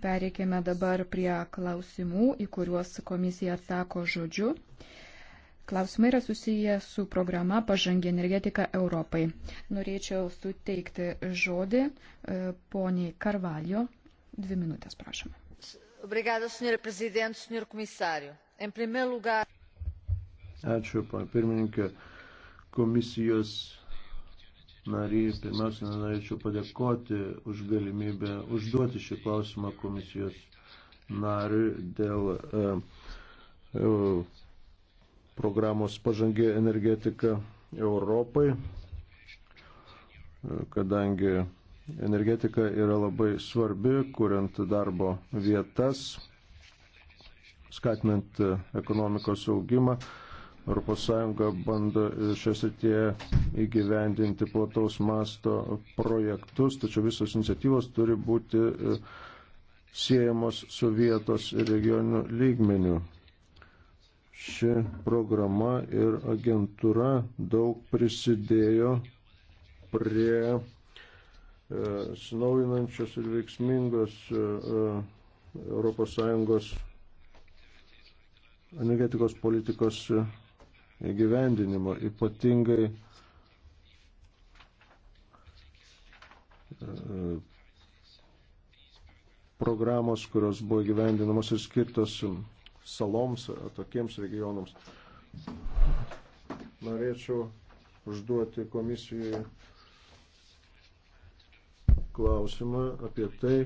Pereikime dabar prie klausimų, į kuriuos komisija atsako žodžiu. Klausimai yra susiję su programa Pažangi energetika Europai. Norėčiau suteikti žodį e, poniai Karvalio. Dvi minutės, prašom. Obrigada, senhor presidente, senhor comissário. Em primeiro lugar. Ačiū, pirmininkė, komisijos nary. Pirmiausia, norėčiau padėkoti už galimybę užduoti šį klausimą komisijos nariui dėl e, e, programos pažangė energetika Europai, e, kadangi energetika yra labai svarbi, kuriant darbo vietas, skatinant ekonomikos augimą. ES bando šią srityje įgyvendinti plataus masto projektus, tačiau visos iniciatyvos turi būti e, siejamos su vietos ir regioniniu lygmeniu. Ši programa ir agentūra daug prisidėjo prie e, sinaujinančios ir veiksmingos ES e, energetikos politikos įgyvendinimo, ypatingai e, programos, kurios buvo gyvendinamos ir skirtos saloms, tokiems regionams. Norėčiau užduoti komisijai klausimą apie tai,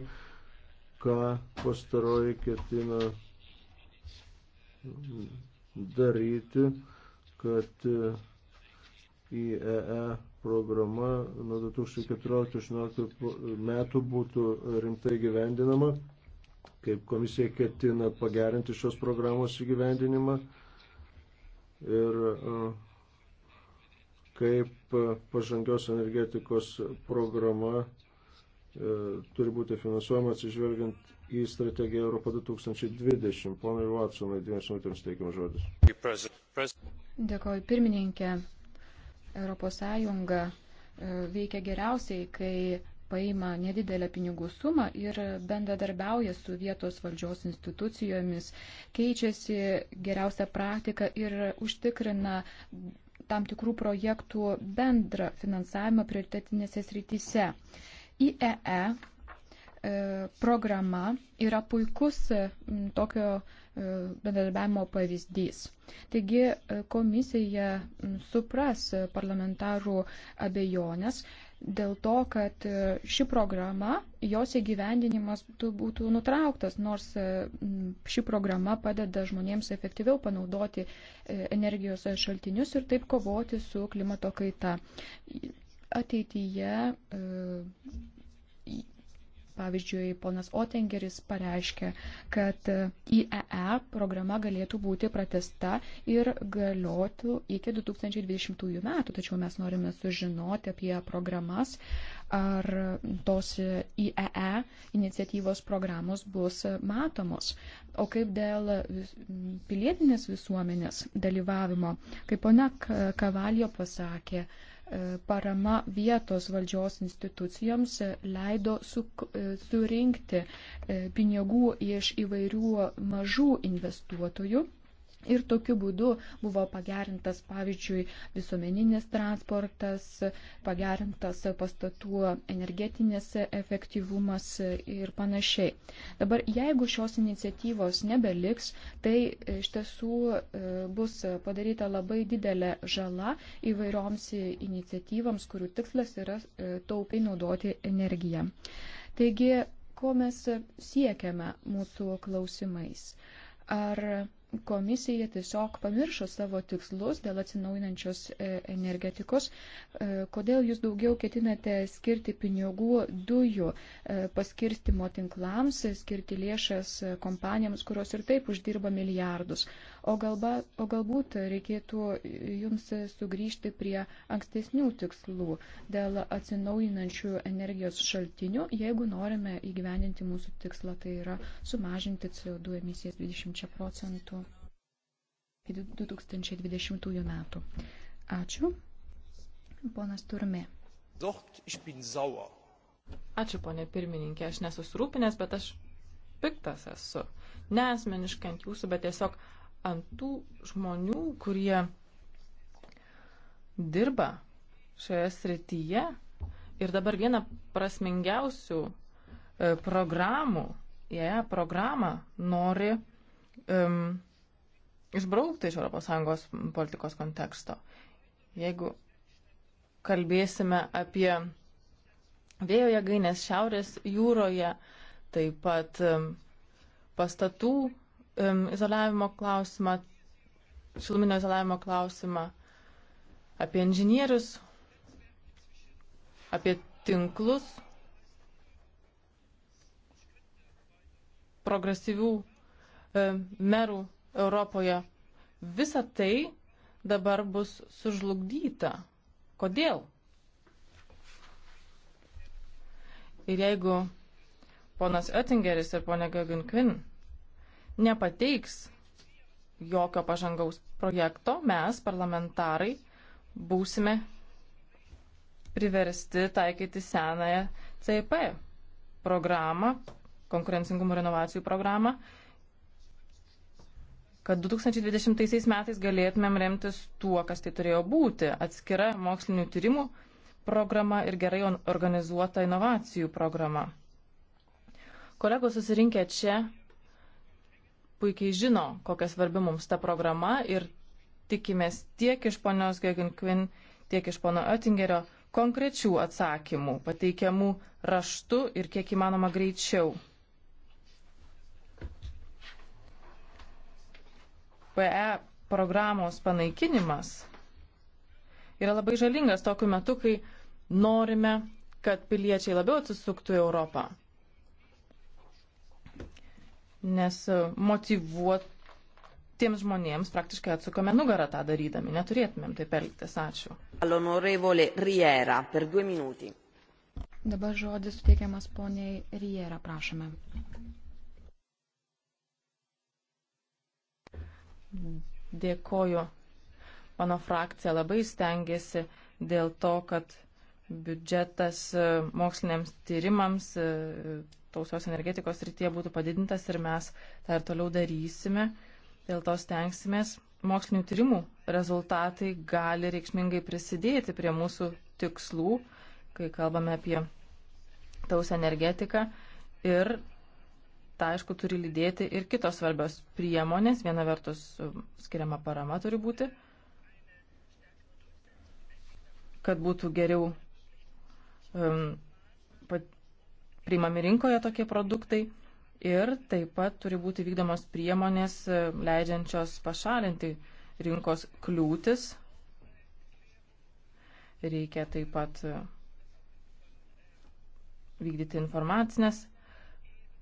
ką pastaroji ketina daryti kad IEE e e programa nuo 2014-2016 metų būtų rimtai gyvendinama, kaip komisija ketina pagerinti šios programos įgyvendinimą ir e, kaip pažangios energetikos programa turi būti finansuojama atsižvelgiant į strategiją Europą 2020. Ponai Watsonai, dviems minutėms teikiam žodis. Dėkoju pirmininkė. Europos Sąjunga e, veikia geriausiai, kai paima nedidelę pinigų sumą ir bendradarbiauja su vietos valdžios institucijomis, keičiasi geriausią praktiką ir užtikrina tam tikrų projektų bendrą finansavimą prioritetinėse srityse. IEE e E, programa yra puikus e, tokio e, bendradarbiavimo pavyzdys. Taigi komisija supras parlamentarų abejonės dėl to, kad ši programa, jos įgyvendinimas būtų nutrauktas, nors ši programa padeda žmonėms efektyviau panaudoti energijos šaltinius ir taip kovoti su klimato kaita. Ateityje Pavyzdžiui, ponas Otengeris pareiškė, kad IEE e programa galėtų būti pratesta ir galiotų iki 2020 metų, tačiau mes norime sužinoti apie programas, ar tos IEE e iniciatyvos programos bus matomos. O kaip dėl pilietinės visuomenės dalyvavimo, kaip pona Kavalio pasakė, parama vietos valdžios institucijoms leido su, surinkti e, pinigų iš įvairių mažų investuotojų Ir tokiu būdu buvo pagerintas, pavyzdžiui, visuomeninis transportas, pagerintas pastatų energetinės efektyvumas ir panašiai. Dabar, jeigu šios iniciatyvos nebeliks, tai iš tiesų e, bus padaryta labai didelė žala įvairioms iniciatyvams, kurių tikslas yra e, taupiai naudoti energiją. Taigi, ko mes siekiame mūsų klausimais? Ar komisija tiesiog pamiršo savo tikslus dėl atsinaujinančios e, energetikos. E, kodėl jūs daugiau ketinate skirti pinigų dujų e, paskirstimo tinklams, skirti lėšas kompanijoms, kurios ir taip uždirba milijardus? O, galba, o galbūt reikėtų jums sugrįžti prie ankstesnių tikslų dėl atsinaujinančių energijos šaltinių, jeigu norime įgyvendinti mūsų tikslą, tai yra sumažinti CO2 emisijas 20 procentų iki 2020 metų. Ačiū. Ponas Turme. Ačiū, ponė pirmininkė. Aš nesusirūpinęs, bet aš piktas esu. Ne asmeniškai ant jūsų, bet tiesiog ant tų žmonių, kurie dirba šioje srityje. Ir dabar viena prasmingiausių e, programų, jie ja, programą nori um, išbraukti iš ES politikos konteksto. Jeigu kalbėsime apie vėjo jėgainės šiaurės jūroje, taip pat um, pastatų um, izoliavimo klausimą, šiluminio izoliavimo klausimą, apie inžinierius, apie tinklus progresyvių um, merų Europoje. Visa tai dabar bus sužlugdyta. Kodėl? Ir jeigu ponas Oettingeris ir ponė Gagunkvin nepateiks jokio pažangaus projekto, mes, parlamentarai, būsime priversti taikyti senąją CIP programą, konkurencingumo ir inovacijų programą, kad 2020 metais galėtumėm remtis tuo, kas tai turėjo būti - atskira mokslinių tyrimų programa ir gerai organizuota inovacijų programa. Kolegos susirinkę čia puikiai žino, kokia svarbi mums ta programa ir tikimės tiek iš ponios Gegenquin, tiek iš pono Oettingerio konkrečių atsakymų, pateikiamų raštu ir kiek įmanoma greičiau. PE programos panaikinimas yra labai žalingas tokiu metu, kai norime, kad piliečiai labiau atsisuktų į Europą nes e, motivuotiems žmonėms praktiškai atsukame nugarą tą darydami. Neturėtumėm taip elgtis. Ačiū. Riera, per dvi minutį. Dabar žodis suteikiamas poniai Riera, prašome. Dėkoju. Mano frakcija labai stengiasi dėl to, kad biudžetas e, moksliniams tyrimams e, tausios energetikos rytyje būtų padidintas ir mes tą ir toliau darysime, dėl to stengsimės. Mokslinių tyrimų rezultatai gali reikšmingai prisidėti prie mūsų tikslų, kai kalbame apie tausią energetiką. Ir tą, aišku, turi lydėti ir kitos svarbios priemonės. Viena vertus skiriama parama turi būti, kad būtų geriau um, priimami rinkoje tokie produktai. Ir taip pat turi būti vykdomos priemonės e, leidžiančios pašalinti rinkos kliūtis. Reikia taip pat e, vykdyti informacinės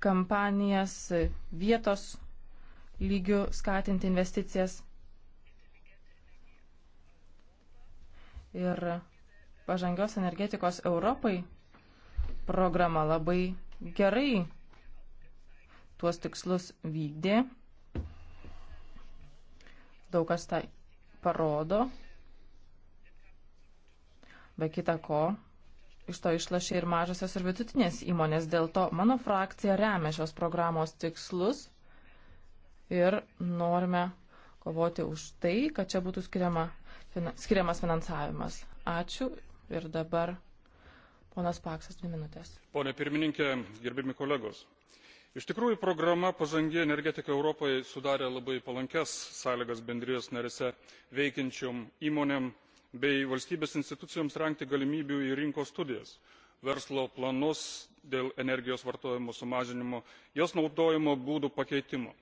kampanijas, e, vietos lygių skatinti investicijas. Ir pažangios energetikos Europai programa labai gerai tuos tikslus vykdė. Daug kas tai parodo. Be kita ko, iš to išlašė ir mažasios ir vidutinės įmonės. Dėl to mano frakcija remia šios programos tikslus ir norime kovoti už tai, kad čia būtų skiriama, fina, skiriamas finansavimas. Ačiū ir dabar Ponas Paksas, dvi minutės. Pone pirmininkė, gerbimi kolegos. Iš tikrųjų, programa pažangi energetika Europoje sudarė labai palankias sąlygas bendrijos narėse veikiančiom įmonėm bei valstybės institucijoms rengti galimybių į rinkos studijas, verslo planus dėl energijos vartojimo sumažinimo, jos naudojimo būdų pakeitimo.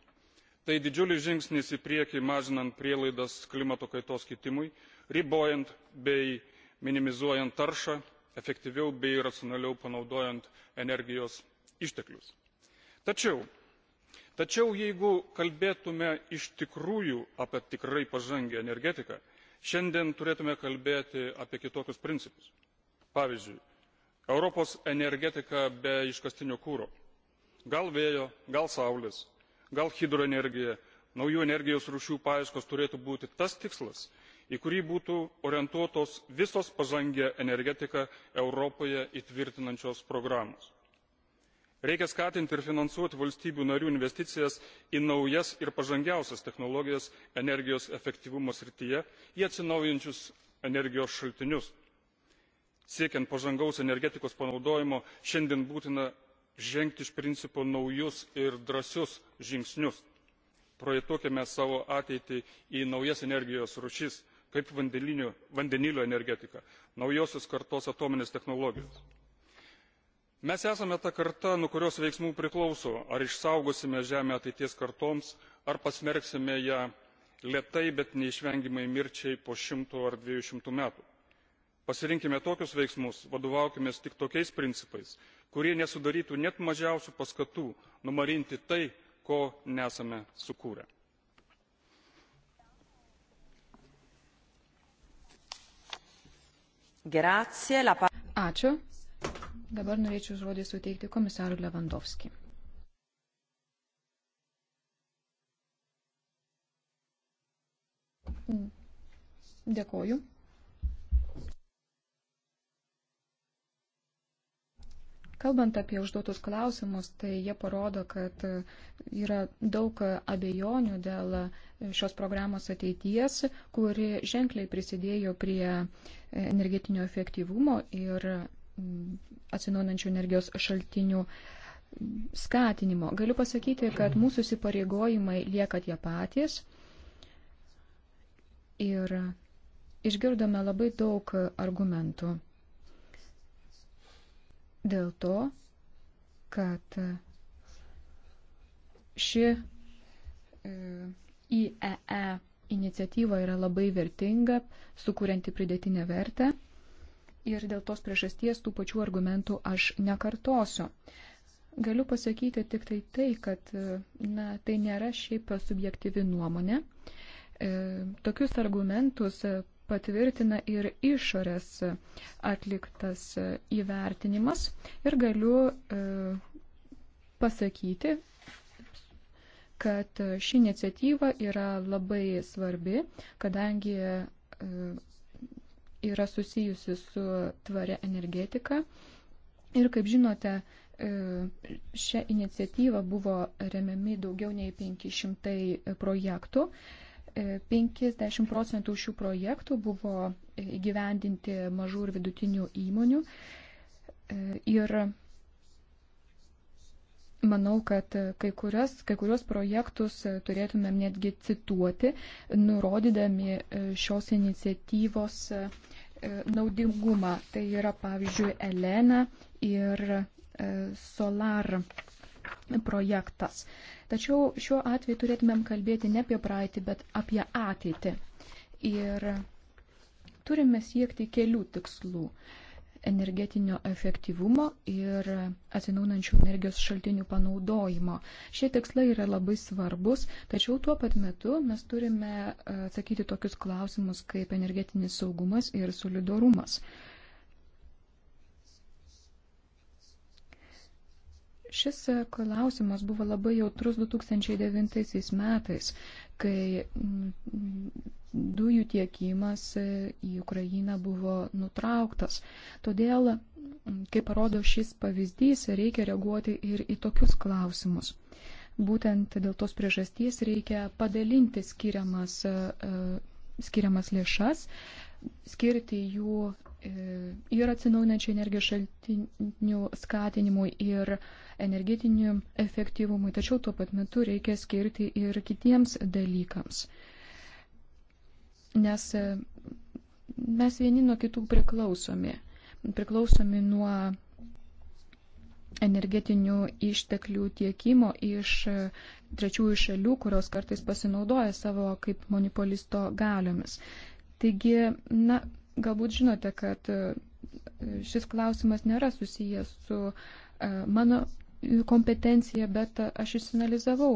Tai didžiulis žingsnis į priekį mažinant prielaidas klimato kaitos kitimui, ribojant bei minimizuojant taršą efektyviau bei racionaliau panaudojant energijos išteklius. Tačiau, tačiau jeigu kalbėtume iš tikrųjų apie tikrai pažangę energetiką, šiandien turėtume kalbėti apie kitokius principus. Pavyzdžiui, Europos energetika be iškastinio kūro. Gal vėjo, gal saulės, gal hidroenergija, naujų energijos rūšių paieškos turėtų būti tas tikslas, į kurį būtų orientuotos visos pažangią energetiką europoje įtvirtinančios programos. reikia skatinti ir finansuoti valstybių narių investicijas į naujas ir pažangiausias technologijas energijos efektyvumo srityje į atsinaujinančius energijos šaltinius. siekiant pažangaus energetikos panaudojimo šiandien būtina žengti iš principo naujus ir drąsius žingsnius projektuokime savo ateitį į naujas energijos rūšis kaip vandenilio energetika naujosios kartos atominės technologijos. mes esame ta karta nuo kurios veiksmų priklauso ar išsaugosime žemę ateities kartoms ar pasmerksime ją lėtai bet neišvengiamai mirčiai po šimto ar dviejų šimtų metų. pasirinkime tokius veiksmus vadovaukimės tik tokiais principais kurie nesudarytų net mažiausių paskatų numarinti tai ko nesame sukūrę. Grazie, la... Ačiū. Dabar norėčiau žodį suteikti komisarui Levandovskijui. Dėkoju. Kalbant apie užduotus klausimus, tai jie parodo, kad yra daug abejonių dėl šios programos ateities, kuri ženkliai prisidėjo prie energetinio efektyvumo ir mm, atsinaujinančių energijos šaltinių skatinimo. Galiu pasakyti, kad mūsų įsipareigojimai lieka tie patys. Ir išgirdome labai daug argumentų dėl to, kad ši IEE e e iniciatyva yra labai vertinga, sukūrenti pridėtinę vertę. Ir dėl tos priežasties tų pačių argumentų aš nekartosiu. Galiu pasakyti tik tai tai, kad e, na, tai nėra šiaip subjektyvi nuomonė. E, tokius argumentus patvirtina ir išorės atliktas įvertinimas ir galiu e, pasakyti, kad ši iniciatyva yra labai svarbi, kadangi e, yra susijusi su tvaria energetika. Ir kaip žinote, e, šią iniciatyvą buvo remiami daugiau nei 500 projektų 50 procentų šių projektų buvo įgyvendinti mažų ir vidutinių įmonių. Ir manau, kad kai, kurias, kai kurios projektus turėtumėm netgi cituoti, nurodydami šios iniciatyvos e, naudingumą. Tai yra pavyzdžiui Elena ir e, Solar projektas. Tačiau šiuo atveju turėtumėm kalbėti ne apie praeitį, bet apie ateitį. Ir turime siekti kelių tikslų - energetinio efektyvumo ir atsinaunančių energijos šaltinių panaudojimo. Šie tikslai yra labai svarbus, tačiau tuo pat metu mes turime e, atsakyti tokius klausimus kaip energetinis saugumas ir solidarumas. Šis e, klausimas buvo labai jautrus 2009 metais, kai mm, dujų tiekimas e, į Ukrainą buvo nutrauktas. Todėl, mm, kaip parodo šis pavyzdys, reikia reaguoti ir į tokius klausimus. Būtent dėl tos priežasties reikia padalinti skiriamas, e, skiriamas lėšas, skirti jų E, ir atsinaujinančių energijos šaltinių skatinimui, ir energetinių efektyvumui, tačiau tuo pat metu reikia skirti ir kitiems dalykams. Nes e, mes vieni nuo kitų priklausomi. Priklausomi nuo energetinių išteklių tiekimo iš e, trečiųjų šalių, kurios kartais pasinaudoja savo kaip monopolisto galiomis. Taigi, na, Galbūt žinote, kad e, šis klausimas nėra susijęs su e, mano kompetencija, bet e, aš išsianalizavau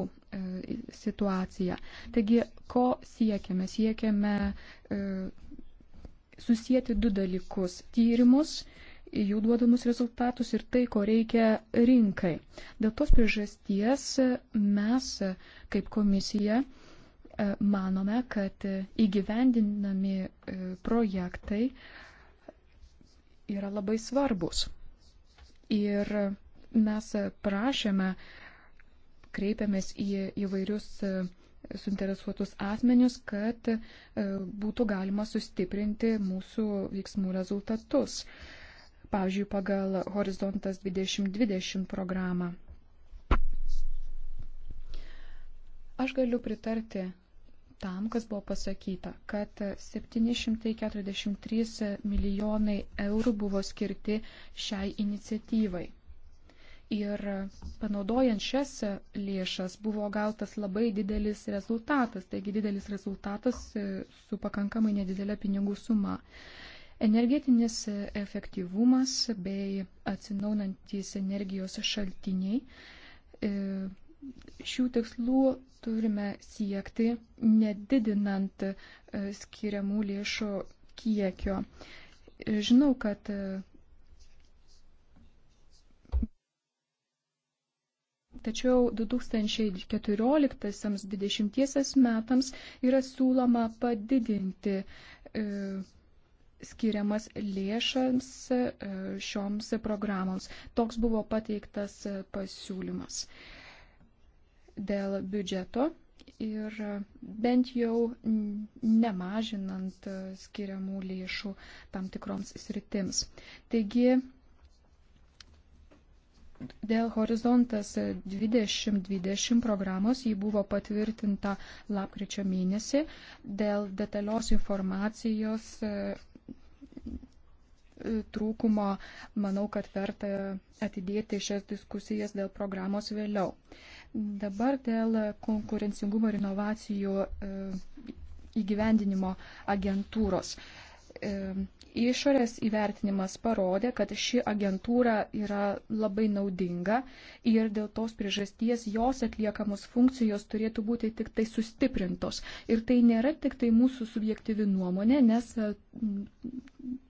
situaciją. Taigi, ko siekiame? Siekiame susijęti du dalykus - tyrimus, jų duodamus rezultatus ir tai, ko reikia rinkai. Dėl tos priežasties mes, kaip komisija, E, manome, kad įgyvendinami e, projektai yra labai svarbus. Ir mes prašėme, kreipiamės į įvairius e, suinteresuotus asmenius, kad būtų galima sustiprinti mūsų veiksmų rezultatus. Pavyzdžiui, pagal Horizontas 2020 programą. Aš galiu pritarti tam, kas buvo pasakyta, kad 743 milijonai eurų buvo skirti šiai iniciatyvai. Ir panaudojant šias lėšas buvo gautas labai didelis rezultatas, taigi didelis rezultatas su pakankamai nedidelė pinigų suma. Energetinis efektyvumas bei atsinaunantis energijos šaltiniai e, šių tikslų turime siekti, nedidinant e, skiriamų lėšų kiekio. Žinau, kad e, Tačiau 2014-2020 metams yra siūloma padidinti e, skiriamas lėšams e, šioms programoms. Toks buvo pateiktas pasiūlymas. E, dėl biudžeto ir bent jau nemažinant skiriamų lėšų tam tikroms sritims. Taigi, dėl Horizontas 2020 programos jį buvo patvirtinta lapkričio mėnesį dėl detalios informacijos e, trūkumo, manau, kad verta atidėti šias diskusijas dėl programos vėliau. Dabar dėl konkurencingumo ir inovacijų e, įgyvendinimo agentūros. E, išorės įvertinimas parodė, kad ši agentūra yra labai naudinga ir dėl tos priežasties jos atliekamos funkcijos turėtų būti tik tai sustiprintos. Ir tai nėra tik tai mūsų subjektyvi nuomonė, nes e,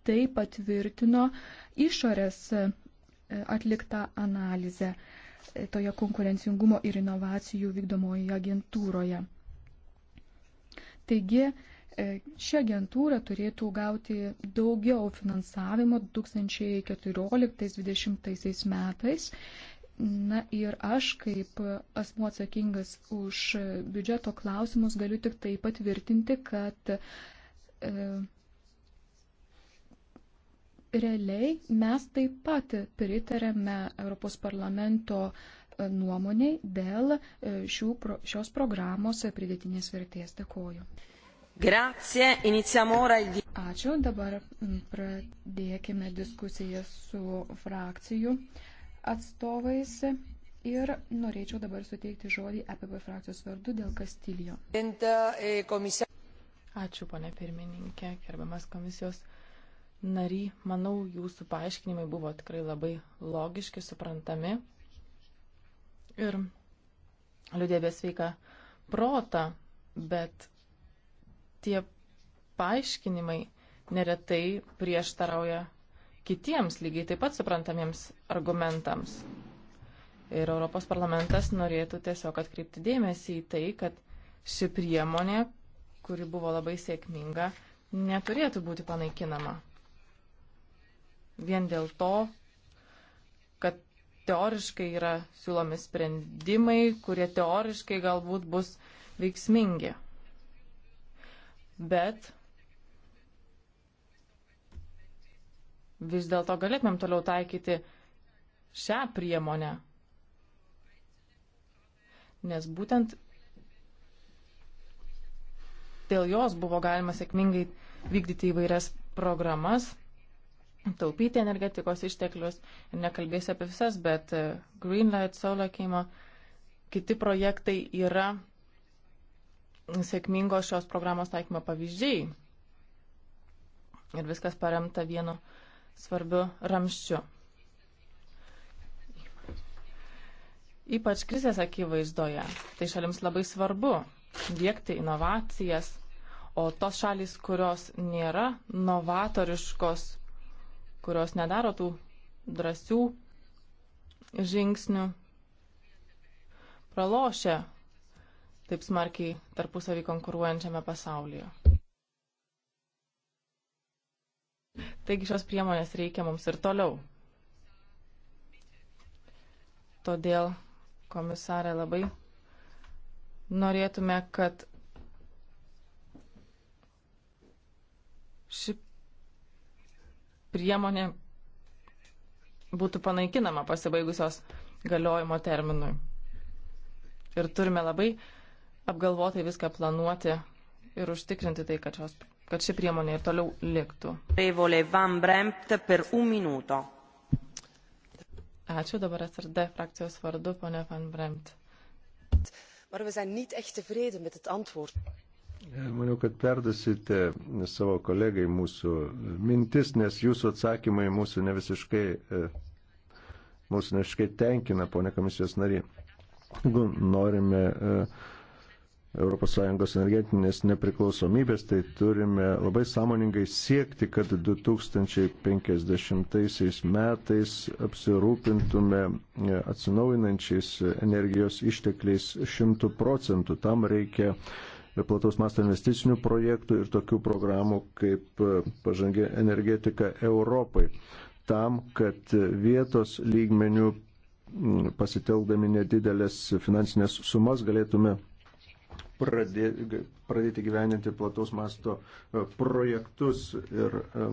tai patvirtino išorės atliktą analizę toje konkurencingumo ir inovacijų vykdomoje agentūroje. Taigi, e, ši agentūra turėtų gauti daugiau finansavimo 2014-2020 metais. Na ir aš kaip asmuo atsakingas už biudžeto klausimus galiu tik tai patvirtinti, kad e, realiai mes taip pat pritarėme Europos parlamento e, nuomoniai dėl e, šių, šios programos pridėtinės vertės. Dėkoju. Grazie, iniziamo ora il... Ačiū, dabar pradėkime diskusiją su frakcijų atstovais ir norėčiau dabar suteikti žodį EPB frakcijos vardu dėl Kastilijo. E, Ačiū, ponė pirmininkė, gerbiamas komisijos nary, manau, jūsų paaiškinimai buvo tikrai labai logiški, suprantami ir liūdėbė sveika protą, bet tie paaiškinimai neretai prieštarauja kitiems lygiai taip pat suprantamiems argumentams. Ir Europos parlamentas norėtų tiesiog atkreipti dėmesį į tai, kad ši priemonė, kuri buvo labai sėkminga, neturėtų būti panaikinama vien dėl to, kad teoriškai yra siūlomi sprendimai, kurie teoriškai galbūt bus veiksmingi. Bet vis dėlto galėtumėm toliau taikyti šią priemonę. Nes būtent dėl jos buvo galima sėkmingai vykdyti įvairias programas taupyti energetikos išteklius. Ir nekalbėsiu apie visas, bet e, Greenlight, Solakimo, kiti projektai yra sėkmingos šios programos taikymo pavyzdžiai. Ir viskas paremta vienu svarbiu ramščiu. Ypač krizės akivaizdoje, tai šalims labai svarbu dėkti inovacijas, o tos šalis, kurios nėra novatoriškos kurios nedaro tų drąsių žingsnių, pralošia taip smarkiai tarpusavį konkuruojančiame pasaulyje. Taigi šios priemonės reikia mums ir toliau. Todėl, komisarė, labai norėtume, kad ši priemonė būtų panaikinama pasibaigusios galiojimo terminui. Ir turime labai apgalvotai viską planuoti ir užtikrinti tai, kad, šios, kad ši priemonė ir toliau liktų. Ačiū dabar SRD frakcijos vardu, ponė Van Bremt. Maar we zijn niet echt tevreden met het antwoord. E, maniau, kad perdasite savo kolegai mūsų mintis, nes jūsų atsakymai mūsų ne visiškai, e, mūsų ne visiškai tenkina, ponė komisijos nariai. Jeigu norime ES energetinės nepriklausomybės, tai turime labai sąmoningai siekti, kad 2050 metais apsirūpintume e, atsinaujinančiais energijos ištekliais 100 procentų. Tam reikia plataus masto investicinių projektų ir tokių programų kaip e, pažangė energetika Europai. Tam, kad vietos lygmenių pasitelkdami nedidelės finansinės sumas galėtume pradėti, pradėti gyveninti plataus masto e, projektus ir e,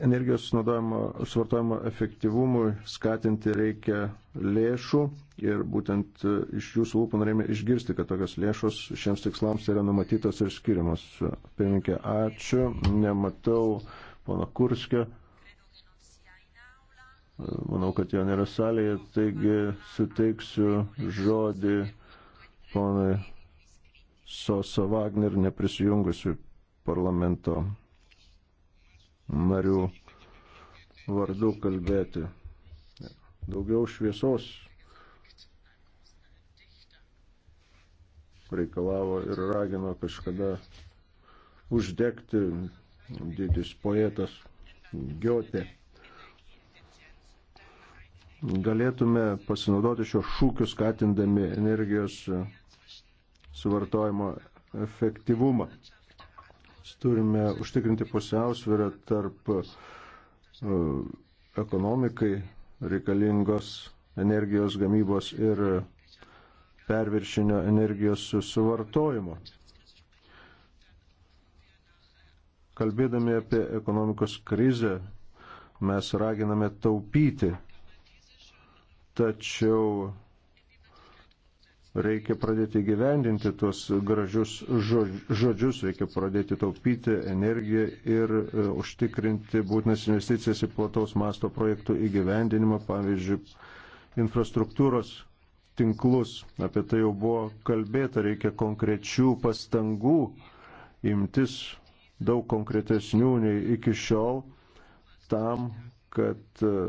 energijos naudojimo, suvartojimo efektyvumui skatinti reikia lėšų ir būtent e, iš jūsų lūpų norėjome išgirsti, kad tokios lėšos šiems tikslams yra numatytos ir skiriamos. Pirminkė, ačiū, nematau pono Kurskio. E, manau, kad jo nėra salėje, taigi suteiksiu žodį ponai Sosa Wagner neprisijungusiu parlamento narių vardu kalbėti. Daugiau šviesos reikalavo ir ragino kažkada uždegti didis poetas Giotė. Galėtume pasinaudoti šio šūkiu skatindami energijos suvartojimo efektyvumą turime užtikrinti pusiausvyrą tarp uh, ekonomikai reikalingos energijos gamybos ir perviršinio energijos suvartojimo. Kalbėdami apie ekonomikos krizę, mes raginame taupyti, tačiau reikia pradėti gyvendinti tuos gražius žodžius, reikia pradėti taupyti energiją ir e, užtikrinti būtinas investicijas į plataus masto projektų įgyvendinimą, pavyzdžiui, infrastruktūros tinklus. Apie tai jau buvo kalbėta, reikia konkrečių pastangų imtis daug konkretesnių nei iki šiol tam, kad e,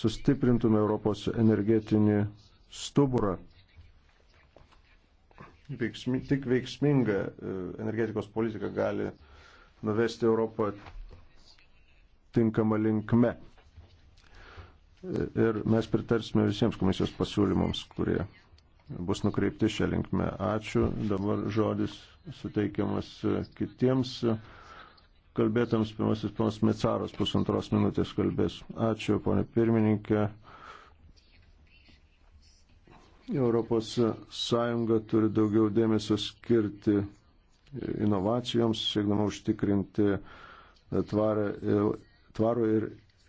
sustiprintume Europos energetinį stuburą. Veiksmi, tik veiksminga e, energetikos politika gali nuvesti Europą tinkamą linkme. E, ir mes pritarsime visiems komisijos pasiūlymams, kurie bus nukreipti šią linkmę. Ačiū. Dabar žodis suteikiamas e, kitiems kalbėtams. Pirmasis ponas Mecaras pusantros minutės kalbės. Ačiū, ponė pirmininkė. Europos Sąjunga turi daugiau dėmesio skirti inovacijoms, siekdama užtikrinti tvarą, tvarų ir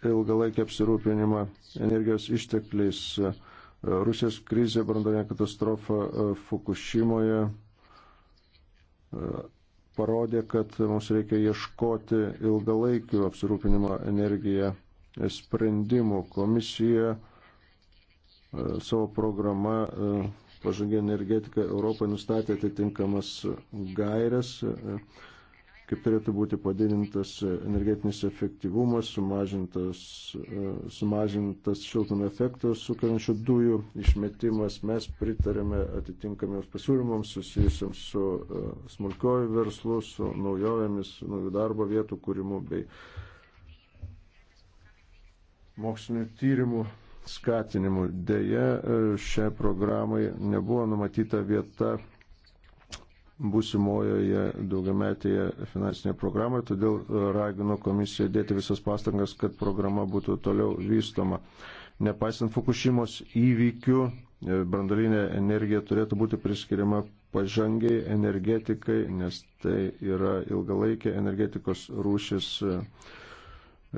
ilgalaikį apsirūpinimą energijos ištekliais. Rusijos krizė, brandolinė katastrofa Fukushimoje parodė, kad mums reikia ieškoti ilgalaikių apsirūpinimo energiją sprendimų. Komisija E, savo programa e, pažangi energetika Europai nustatė atitinkamas gairias, e, kaip turėtų būti padidintas energetinis efektyvumas, sumažintas, sumažintas šiltnamio efektą sukeliančių dujų išmetimas. Mes pritarėme atitinkamiems pasiūlymams susijusiams su smulkioju verslu, su naujovėmis, naujų darbo vietų kūrimu bei mokslinių tyrimų skatinimu. Deja, e, šią programai nebuvo numatyta vieta būsimojoje daugiametėje finansinėje programoje, todėl raginu komisiją dėti visas pastangas, kad programa būtų toliau vystoma. Nepaisant Fukushimos įvykių, e, brandolinė energija turėtų būti priskiriama pažangiai energetikai, nes tai yra ilgalaikė energetikos rūšis e,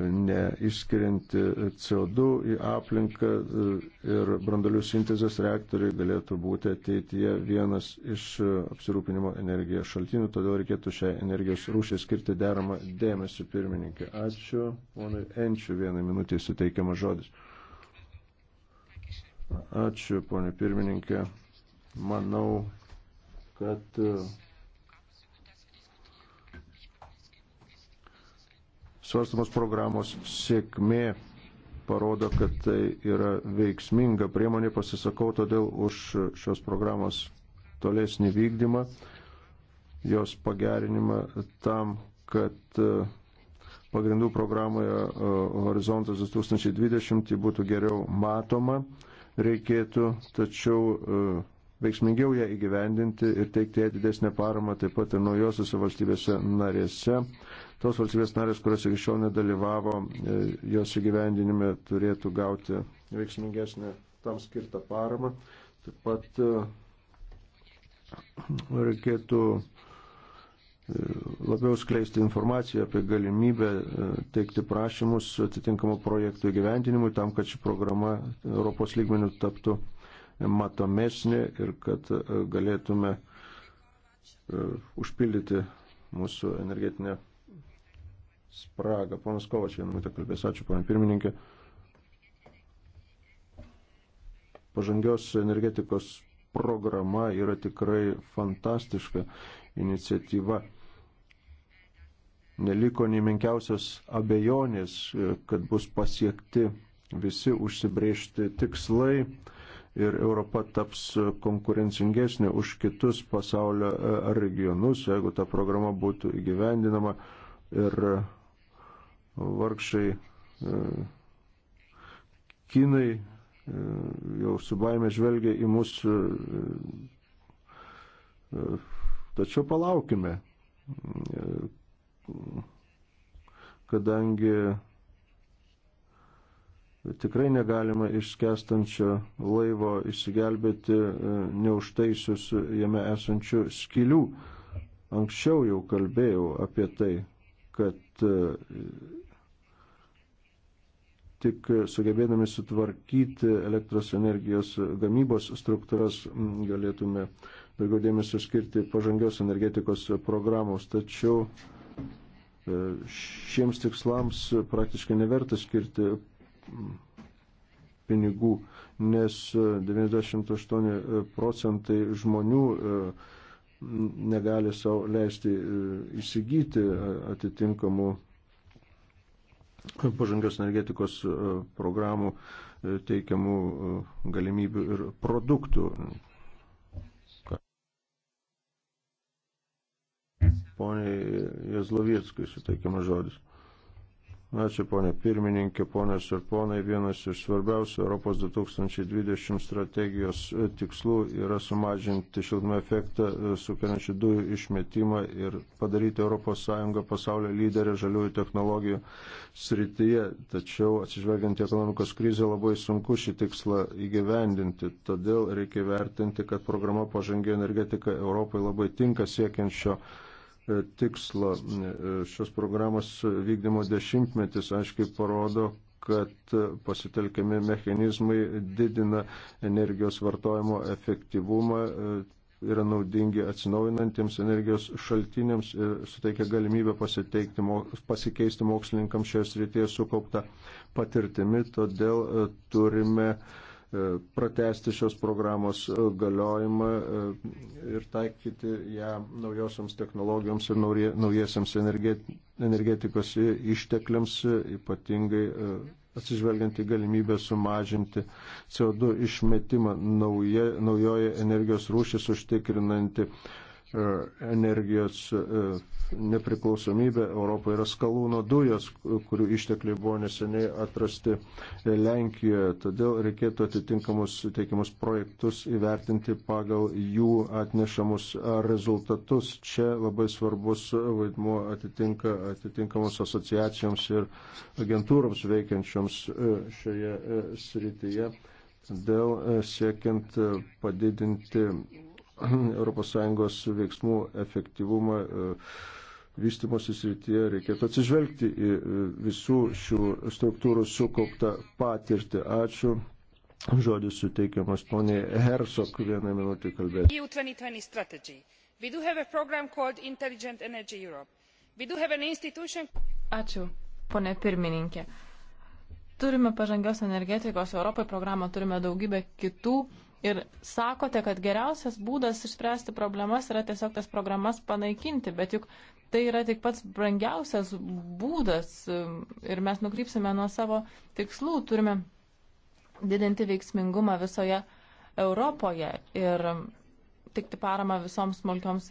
neišskirianti CO2 į aplinką e, ir brandolių sintezės reaktoriai galėtų būti ateityje vienas iš apsirūpinimo energijos šaltinių, todėl reikėtų šią energijos rūšį skirti deramą dėmesį pirmininkė. Ačiū, ponai Enčiu, vieną minutį suteikiamas žodis. Ačiū, ponė pirmininkė. Manau, kad uh, svarstamos programos sėkmė parodo, kad tai yra veiksminga priemonė, pasisakau todėl už šios programos tolesnį vykdymą, jos pagerinimą tam, kad e, pagrindų programoje e, Horizontas 2020 būtų geriau matoma, reikėtų, tačiau e, veiksmingiau ją įgyvendinti ir teikti ją didesnę paramą taip pat ir naujosiuose valstybėse narėse. Tos valstybės narės, kurios iki šiol nedalyvavo, e, jos įgyvendinime turėtų gauti veiksmingesnę tam skirtą paramą. Taip pat e, reikėtų e, labiau skleisti informaciją apie galimybę teikti prašymus atitinkamų projektų įgyvendinimui tam, kad ši programa Europos lygmenių taptų matomesnė ir kad e, galėtume e, užpildyti mūsų energetinę spragą. Ponas Kovač, vieną minutę kalbės. Ačiū, ponė pirmininkė. Pažangios energetikos programa yra tikrai fantastiška iniciatyva. Neliko nei menkiausios abejonės, e, kad bus pasiekti visi užsibriežti tikslai ir Europa taps konkurencingesnė už kitus pasaulio e, regionus, jeigu ta programa būtų įgyvendinama ir e, vargšai e, kinai jau su baime žvelgia į mus. Tačiau palaukime, kadangi Tikrai negalima išskestančio laivo išsigelbėti e, neužtaisius jame esančių skilių. Anksčiau jau kalbėjau apie tai, kad e, tik sugebėdami sutvarkyti elektros energijos gamybos struktūras galėtume daugiau dėmesio skirti pažangios energetikos programos. Tačiau e, šiems tikslams praktiškai neverta skirti pinigų, nes 98 e, e, procentai žmonių e, negali savo leisti įsigyti atitinkamų pažangios energetikos programų teikiamų galimybių ir produktų. Pone Jazlovieckui suteikiamas žodis. Ačiū, ponė pirmininkė, ponės ir ponai. Vienas iš svarbiausių Europos 2020 strategijos e, tikslų yra sumažinti šiltnamio efektą e, sukeliančių dujų išmetimą ir padaryti ES pasaulio lyderę žaliųjų technologijų srityje. Tačiau, atsižvelgiant į ekonomikos krizę, labai sunku šį tikslą įgyvendinti. Todėl reikia vertinti, kad programa pažangė energetika Europai labai tinka siekiančio E, tikslą. E, šios programos vykdymo dešimtmetis aiškiai parodo, kad pasitelkiami mechanizmai didina energijos vartojimo efektyvumą, e, yra naudingi atsinaujinantiems energijos šaltiniams ir suteikia galimybę pasikeisti mokslininkams šioje srityje sukauptą patirtimi, todėl turime uh, E, pratesti šios programos e, galiojimą e, ir taikyti ją naujosioms technologijoms ir naujiesiams energetikos ištekliams, ypatingai atsižvelgiant į galimybę sumažinti CO2 išmetimą nauja, naujoje energijos rūšis užtikrinanti E, energijos e, nepriklausomybė Europoje yra skalūno dujos, kurių ištekliai buvo neseniai atrasti Lenkijoje. Todėl reikėtų atitinkamus teikiamus projektus įvertinti pagal jų atnešamus rezultatus. Čia labai svarbus vaidmuo atitinka atitinkamos asociacijoms ir agentūroms veikiančioms e, šioje srityje. Todėl siekiant padidinti ES veiksmų efektyvumą e, vystimosi srityje reikėtų atsižvelgti į e, visų šių struktūrų sukauptą patirtį. Ačiū. Žodis suteikiamas poniai Hersok vieną minutę kalbėti. EU 2020 strategy. We do have a program called Intelligent Energy Europe. We do have an institution. Ačiū, ponė pirmininkė. Turime pažangios energetikos Europai programą, turime daugybę kitų uh, Ir sakote, kad geriausias būdas išspręsti problemas yra tiesiog tas programas panaikinti, bet juk tai yra tik pats brangiausias būdas um, ir mes nukrypsime nuo savo tikslų, turime didinti veiksmingumą visoje Europoje ir um, tikti paramą visoms,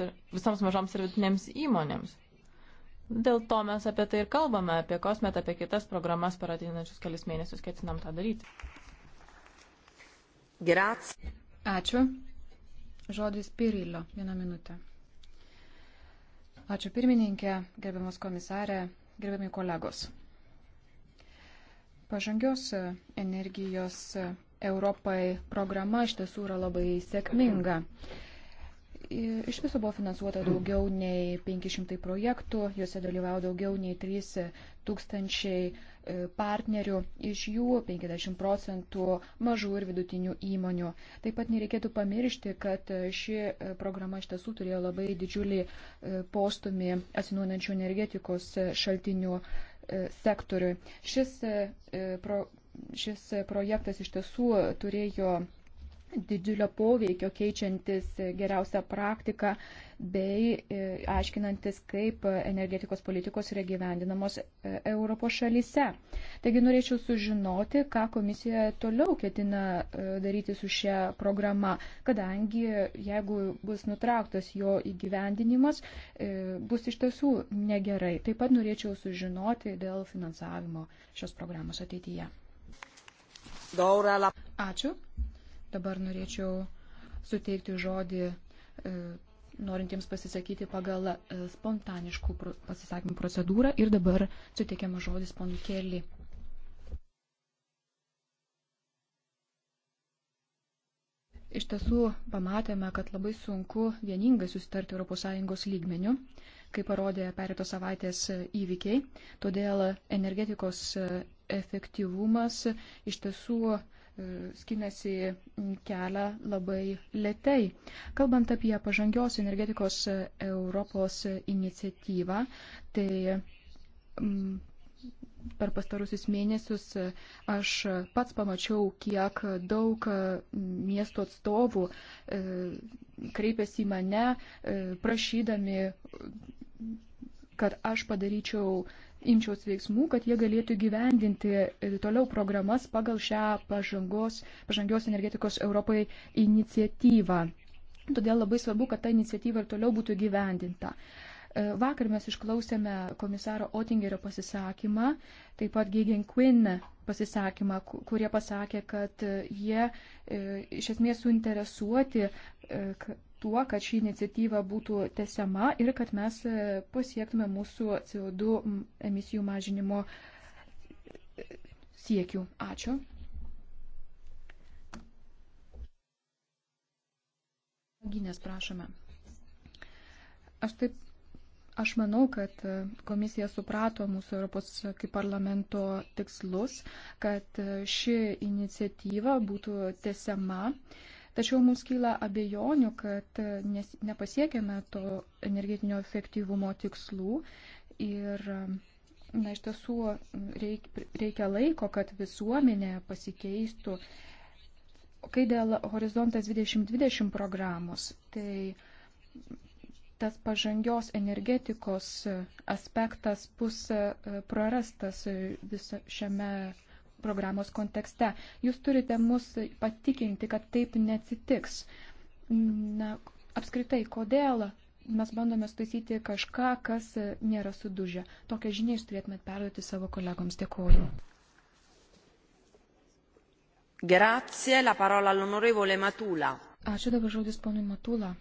ir, visoms mažoms ir vidutinėms įmonėms. Dėl to mes apie tai ir kalbame, apie kosmetą, apie kitas programas per ateinančius kelius mėnesius ketinam tą daryti. Grazie. Ačiū. Žodis Pirilo. Vieną minutę. Ačiū pirmininkė, gerbiamas komisarė, gerbiami kolegos. Pažangios energijos Europai programa iš tiesų yra labai sėkminga. Iš viso buvo finansuota daugiau nei 500 projektų, juose dalyvavo daugiau nei 3 tūkstančiai E, partnerių, iš jų 50 procentų mažų ir vidutinių įmonių. Taip pat nereikėtų pamiršti, kad e, ši e, programa iš tiesų turėjo labai didžiulį postumį atsinuojančių energetikos šaltinių sektoriui. Šis, pro, šis projektas iš tiesų turėjo didžiulio poveikio keičiantis geriausią praktiką bei e, aiškinantis, kaip energetikos politikos yra gyvendinamos e, Europos šalyse. Taigi norėčiau sužinoti, ką komisija toliau ketina e, daryti su šia programa, kadangi jeigu bus nutrauktas jo įgyvendinimas, bus iš tiesų negerai. Taip pat norėčiau sužinoti dėl finansavimo šios programos ateityje. Ačiū. Dabar norėčiau suteikti žodį e, norintiems pasisakyti pagal e, spontaniškų pasisakymų procedūrą ir dabar suteikiama žodis ponui Kelly. Iš tiesų pamatėme, kad labai sunku vieningai susitarti ES lygmenių, kaip parodė perėtos savaitės e, įvykiai. Todėl energetikos efektyvumas iš tiesų skinasi kelią labai lietai. Kalbant apie pažangios energetikos Europos iniciatyvą, tai mm, per pastarusius mėnesius aš pats pamačiau, kiek daug mm, miesto atstovų e, kreipėsi į mane e, prašydami, kad aš padaryčiau imčiaus veiksmų, kad jie galėtų gyvendinti e, toliau programas pagal šią pažangos, pažangios energetikos Europai iniciatyvą. Todėl labai svarbu, kad ta iniciatyva ir toliau būtų gyvendinta. E, vakar mes išklausėme komisaro Otingerio pasisakymą, taip pat Gegen Quinn pasisakymą, kurie pasakė, kad e, jie iš esmės suinteresuoti tuo, kad ši iniciatyva būtų tesiama ir kad mes e, pasiektume mūsų CO2 emisijų mažinimo e, siekių. Ačiū. Gynės prašome. Aš taip Aš manau, kad e, komisija suprato mūsų Europos kaip parlamento tikslus, kad ši iniciatyva būtų tesiama. Uh, Tačiau mums kyla abejonių, kad nes, nepasiekėme to energetinio efektyvumo tikslų ir na, iš tiesų reik, reikia laiko, kad visuomenė pasikeistų. Kai dėl Horizontas 2020 programos, tai tas pažangios energetikos aspektas bus prarastas visame programos kontekste. Jūs turite mus patikinti, kad taip neatsitiks. Na, apskritai, kodėl mes bandome staisyti kažką, kas nėra sudužę. Tokią žinią jūs turėtumėt perduoti savo kolegoms. Dėkuoju. Grazie, la parola all'onorevole Matula. Ačiū dabar žodis ponui Matula.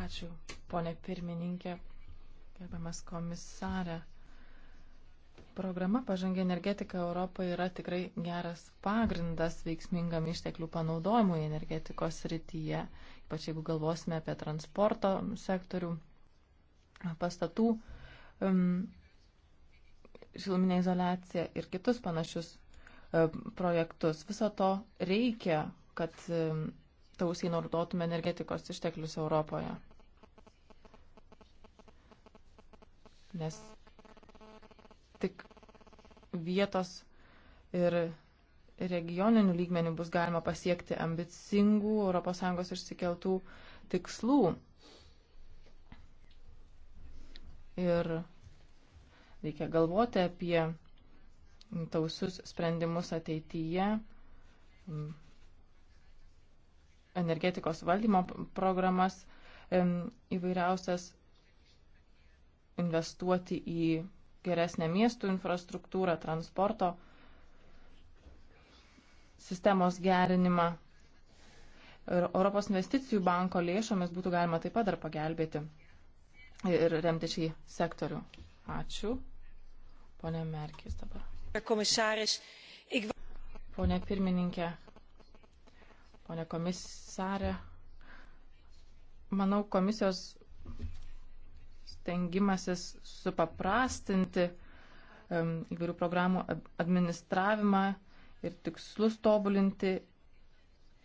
Ačiū, ponė pirmininkė, Gerbiamas komisarė, programa Pažangi energetika Europoje yra tikrai geras pagrindas veiksmingam išteklių panaudojimui energetikos srityje, ypač jeigu galvosime apie transporto sektorių, pastatų, um, šiluminę izolaciją ir kitus panašius e, projektus. Viso to reikia, kad tausiai naudotume energetikos išteklius Europoje. nes tik vietos ir regioninių lygmenių bus galima pasiekti ambicingų ES išsikeltų tikslų. Ir reikia galvoti apie tausius sprendimus ateityje, energetikos valdymo programas įvairiausias investuoti į geresnę miestų infrastruktūrą, transporto sistemos gerinimą. Ir Europos investicijų banko lėšomis būtų galima taip pat dar pagelbėti ir remti šį sektorių. Ačiū. Pone Merkis dabar. Pone pirmininkė, pone komisarė, manau, komisijos stengimasis supaprastinti um, įvairių programų administravimą ir tikslus tobulinti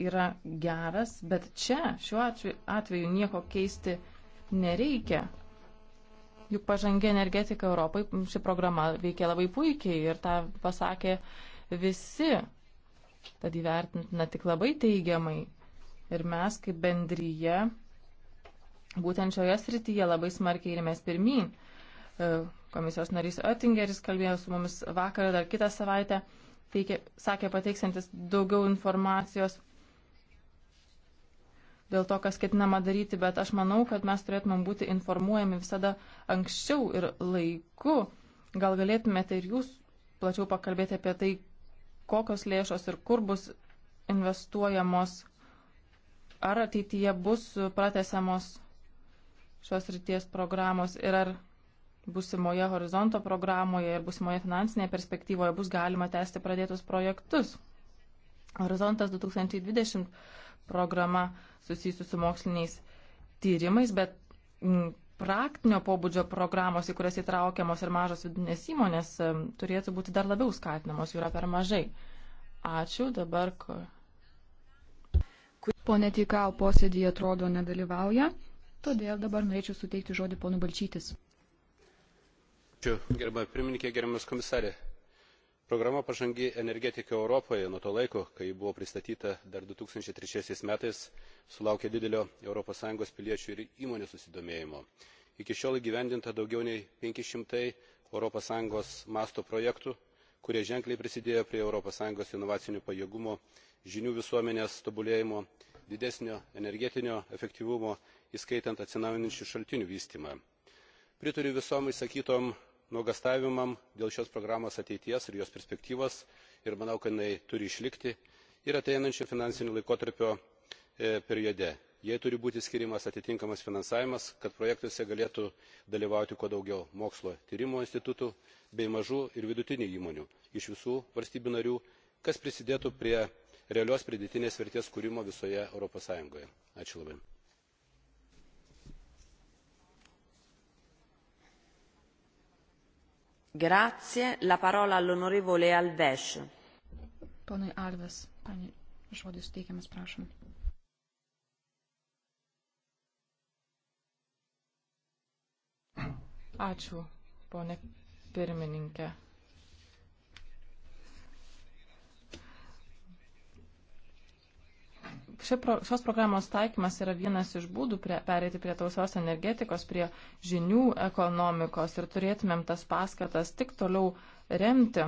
yra geras, bet čia šiuo atveju, atveju nieko keisti nereikia. Juk pažangi energetika Europai, ši programa veikia labai puikiai ir tą pasakė visi. Tad įvertintina tik labai teigiamai. Ir mes kaip bendryje būtent šioje srityje labai smarkiai ir mes pirmin. E, komisijos narys Oettingeris kalbėjo su mumis vakarą, dar kitą savaitę, teikė, sakė pateiksantis daugiau informacijos dėl to, kas ketinama daryti, bet aš manau, kad mes turėtumėm būti informuojami visada anksčiau ir laiku. Gal galėtumėte ir jūs plačiau pakalbėti apie tai, kokios lėšos ir kur bus investuojamos, ar ateityje bus pratesiamos šios ryties programos ir ar busimoje horizonto programoje ir busimoje finansinėje perspektyvoje bus galima tęsti pradėtus projektus. Horizontas 2020 programa susijusi su moksliniais tyrimais, bet praktinio pobūdžio programos, į kurias įtraukiamos ir mažos vidinės įmonės, turėtų būti dar labiau skatinamos, jų yra per mažai. Ačiū dabar. Pone Tikau posėdį atrodo nedalyvauja. Todėl dabar norėčiau suteikti žodį ponu Balčytis. Ačiū, gerbama pirmininkė, gerbiamas komisarė. Programa pažangi energetika Europoje nuo to laiko, kai buvo pristatyta dar 2003 metais, sulaukė didelio ES piliečių ir įmonių susidomėjimo. Iki šiol įgyvendinta daugiau nei 500 ES masto projektų, kurie ženkliai prisidėjo prie ES inovacinių pajėgumų, žinių visuomenės tobulėjimo, didesnio energetinio efektyvumo įskaitant atsinaujinančių šaltinių vystymą. pritariu visoms išsakytoms nuogąstavimams dėl šios programos ateities ir jos perspektyvos ir manau kad jinai turi išlikti ir ateinančio finansinio laikotarpio e, periode. jai turi būti skiriamas atitinkamas finansavimas kad projektuose galėtų dalyvauti kuo daugiau mokslo tyrimų institutų bei mažų ir vidutinių įmonių iš visų valstybių narių kas prisidėtų prie realios pridėtinės vertės kūrimo visoje europos sąjungoje. Grazie. La parola all'onorevole Alves. Ponai Alves, pani, žodis teikiamas, prašom. Ačiū, ponė pirmininkė. Pro, šios programos taikymas yra vienas iš būdų prie, pereiti prie tausios energetikos, prie žinių ekonomikos ir turėtumėm tas paskatas tik toliau remti.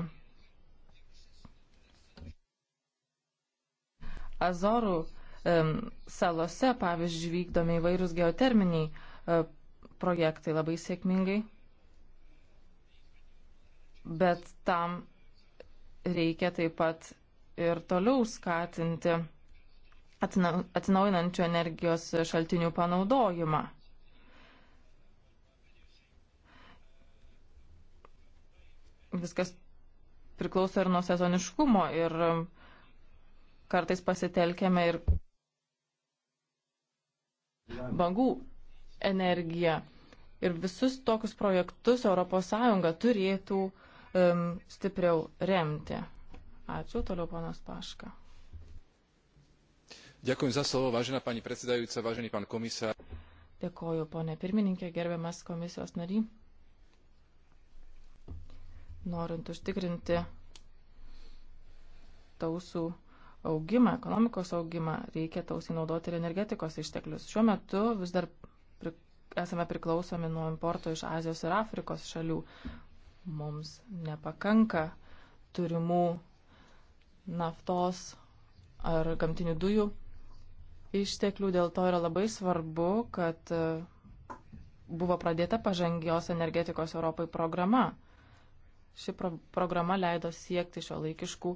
Azorų um, salose, pavyzdžiui, vykdomi įvairūs geoterminiai uh, projektai labai sėkmingai, bet tam reikia taip pat ir toliau skatinti atsinaujinančių energijos šaltinių panaudojimą. Viskas priklauso ir nuo sezoniškumo ir um, kartais pasitelkiame ir bangų energiją. Ir visus tokius projektus ES turėtų um, stipriau remti. Ačiū, toliau ponas Paška. Dėkoju, ponė pirmininkė, gerbiamas komisijos nary. Norint užtikrinti tausų augimą, ekonomikos augimą, reikia tausiai naudoti ir energetikos išteklius. Šiuo metu vis dar pri, esame priklausomi nuo importo iš Azijos ir Afrikos šalių. Mums nepakanka turimų naftos ar gamtinių dujų išteklių, dėl to yra labai svarbu, kad e, buvo pradėta pažangios energetikos Europai programa. Ši pro programa leido siekti šio laikiškų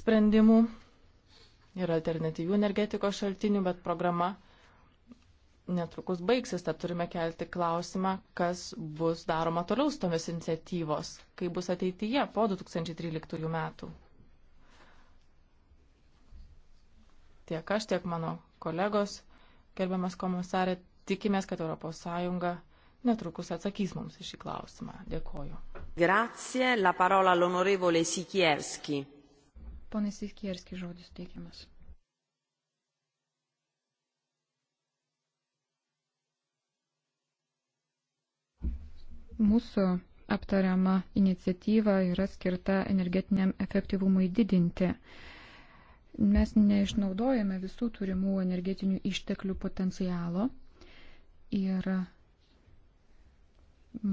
sprendimų ir alternatyvių energetikos šaltinių, bet programa netrukus baigsis, tad turime kelti klausimą, kas bus daroma toliau su tomis iniciatyvos, kaip bus ateityje po 2013 metų. Tiek aš, tiek mano kolegos, gerbiamas komisarė, tikimės, kad ES netrukus atsakys mums į šį klausimą. Dėkoju. Grazie, la parola l'onorevole Sikierski. Pone Sikierski, žodis teikiamas. Mūsų aptariama iniciatyva yra skirta energetiniam efektyvumui didinti mes neišnaudojame visų turimų energetinių išteklių potencialo ir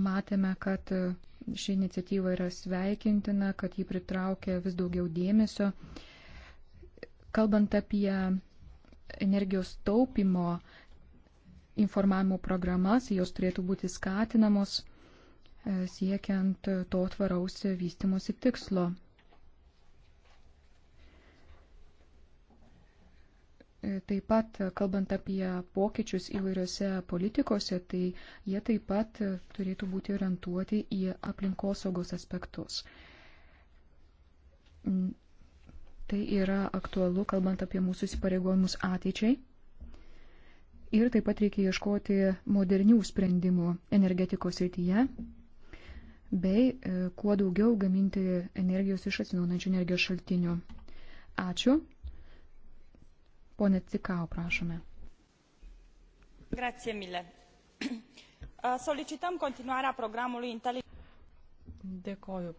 matėme, kad ši iniciatyva yra sveikintina, kad ji pritraukia vis daugiau dėmesio. Kalbant apie energijos taupimo informavimo programas, jos turėtų būti skatinamos e, siekiant to tvaraus vystimosi tikslo. Taip pat, kalbant apie pokyčius įvairiose politikose, tai jie taip pat turėtų būti orientuoti į aplinkosaugos aspektus. Tai yra aktualu, kalbant apie mūsų įsipareigojimus ateičiai. Ir taip pat reikia ieškoti modernių sprendimų energetikos rytyje, bei e, kuo daugiau gaminti energijos iš atsinaujančių energijos šaltinių. Ačiū. Pone Cikau, prašome. Grazie mille. Uh, solicităm continuarea programului inteligent. Dėkoju,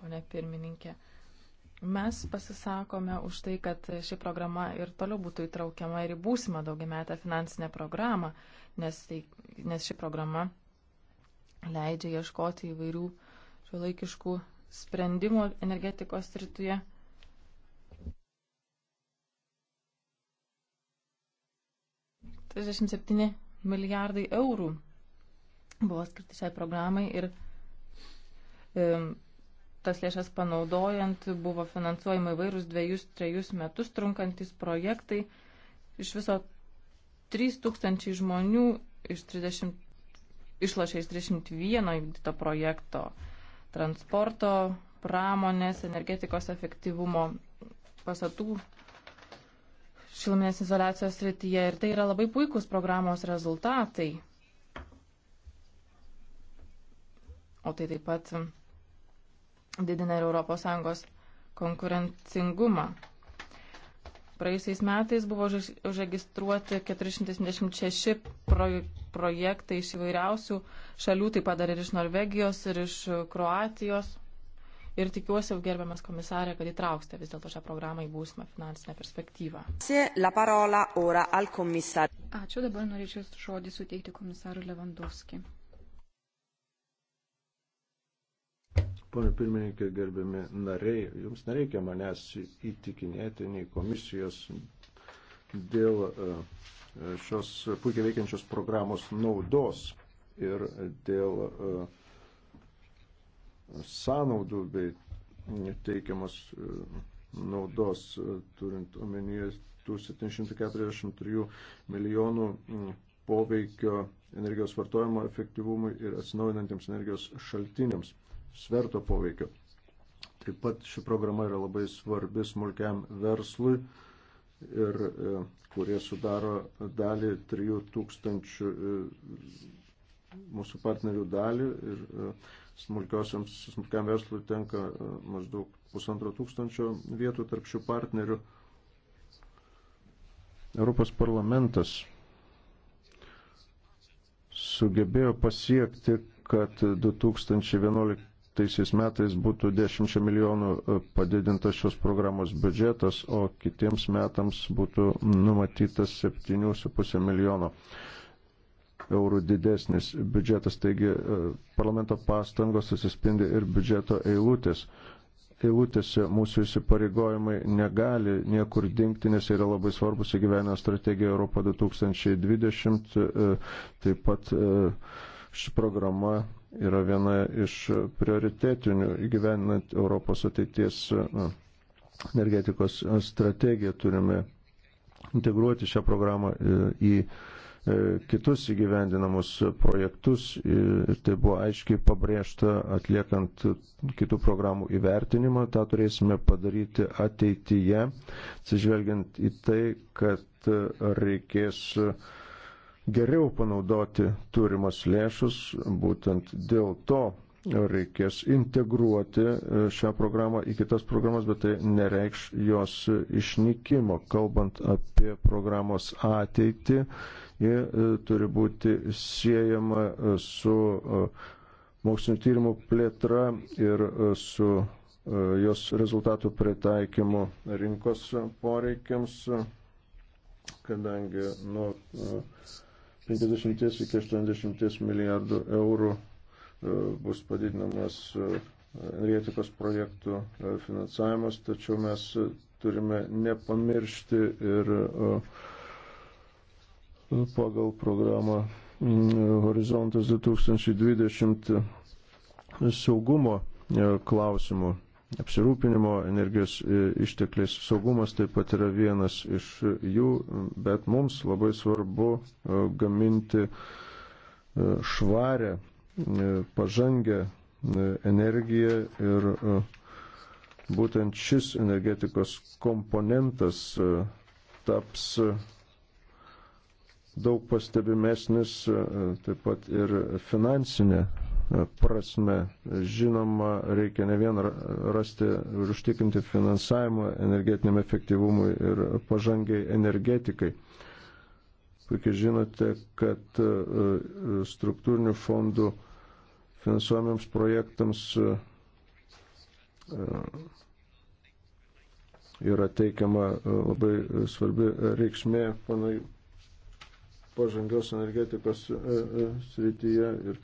ponė pirmininkė. Mes pasisakome už tai, kad ši programa ir toliau būtų įtraukiama ir į būsimą daugiametę finansinę programą, nes, tai, nes ši programa leidžia ieškoti įvairių šiuolaikiškų sprendimų energetikos srityje. 37 milijardai eurų buvo skirti šiai programai ir e, tas lėšas panaudojant buvo finansuojama įvairūs dviejus, trejus metus trunkantis projektai. Iš viso 3000 žmonių iš 30, išlašė iš 31 įvykdyto projekto transporto, pramonės, energetikos efektyvumo, pasatų šiluminės izolacijos srityje ir tai yra labai puikūs programos rezultatai. O tai taip pat didina ir ES konkurencingumą. Praėjusiais metais buvo užregistruoti 476 projektai iš įvairiausių šalių, taip pat dar ir iš Norvegijos ir iš Kroatijos ir tikiuosi, gerbiamas komisarė, kad įtrauksite vis dėlto šią programą į būsimą finansinę perspektyvą. Ačiū, dabar norėčiau žodį suteikti komisarui Levandovskį. Pone pirmininkė, gerbiami nariai, jums nereikia manęs įtikinėti nei komisijos dėl e, šios puikiai veikiančios programos naudos ir dėl uh, sąnaudų bei teikiamos e, naudos, e, turint omenyje tų 743 milijonų poveikio energijos vartojimo efektyvumui ir atsinaujinantiems energijos šaltiniams, sverto poveikio. Taip pat ši programa yra labai svarbi smulkiam verslui ir e, kurie sudaro dalį 3000 mūsų partnerių dalį ir smulkiosiams, smulkiam verslui tenka e, maždaug pusantro tūkstančio vietų tarp šių partnerių. Europos parlamentas sugebėjo pasiekti, kad 2011 metais būtų 10 milijonų e, padidintas šios programos biudžetas, o kitiems metams būtų numatytas 7,5 milijono eurų didesnis biudžetas, taigi e, parlamento pastangos susispindi ir biudžeto eilutės. Eilutėse mūsų įsipareigojimai negali niekur dingti, nes yra labai svarbus įgyvenę strategija Europa 2020, e, taip pat e, ši programa yra viena iš prioritetinių įgyvenant Europos ateities energetikos strategiją. Turime integruoti šią programą į E, kitus įgyvendinamus projektus ir tai buvo aiškiai pabrėžta atliekant kitų programų įvertinimą. Ta turėsime padaryti ateityje, atsižvelgiant į tai, kad reikės geriau panaudoti turimas lėšus. Būtent dėl to reikės integruoti e, šią programą į kitas programas, bet tai nereikš jos išnykimo. Kalbant apie programos ateitį, ji e, turi būti siejama e, su mokslinio tyrimų plėtra ir su jos rezultatų pritaikymu rinkos poreikiams, kadangi nuo 50 iki 80 milijardų eurų E, bus padidinamas e, energetikos projektų e, finansavimas, tačiau mes turime nepamiršti ir pagal programą Horizontas 2020 saugumo klausimų apsirūpinimo energijos ištekliais. Saugumas taip pat yra vienas iš jų, bet mums labai svarbu gaminti švarę E, pažangę e, energiją ir e, būtent šis energetikos komponentas taps daug pastebimesnis taip pat ir finansinė prasme. Žinoma, reikia ne vien rasti ir užtikrinti finansavimą energetiniam efektyvumui ir pažangiai energetikai. Puikiai žinote, kad e, e, struktūrinių fondų finansuojamiams projektams e, yra teikiama labai svarbi reikšmė panai pažangios energetikos srityje ir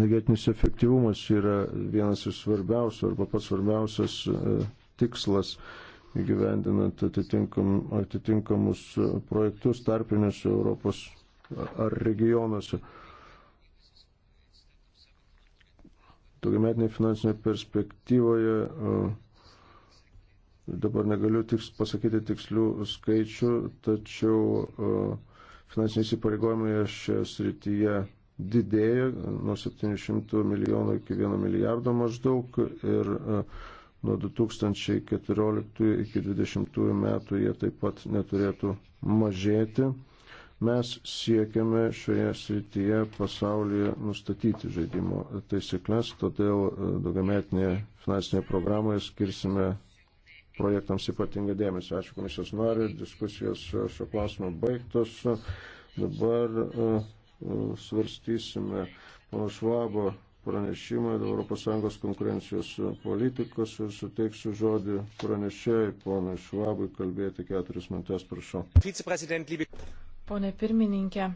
energetinis efektyvumas yra vienas iš svarbiausių arba pats svarbiausias tikslas įgyvendinant atitinkam, atitinkamus projektus tarpinėse Europos ar regionuose. Tokiametinėje finansinėje perspektyvoje e, dabar negaliu tiks, pasakyti tikslių skaičių, tačiau e, finansiniai įsipareigojimai šioje srityje didėja nuo 700 milijonų iki 1 milijardo maždaug ir uh, nuo 2014 iki 2020 metų jie taip pat neturėtų mažėti. Mes siekiame šioje srityje pasaulyje nustatyti žaidimo taisyklės, todėl e, daugiametinėje finansinėje programoje skirsime projektams ypatingą dėmesį. Ačiū komisijos nariui, diskusijos šio klausimo baigtos. Dabar e, e, svarstysime pono Švabo pranešimą dėl ES konkurencijos politikos ir suteiksiu žodį pranešėjai ponui Švabui kalbėti keturis minutės, prašau. Pone pirmininkė,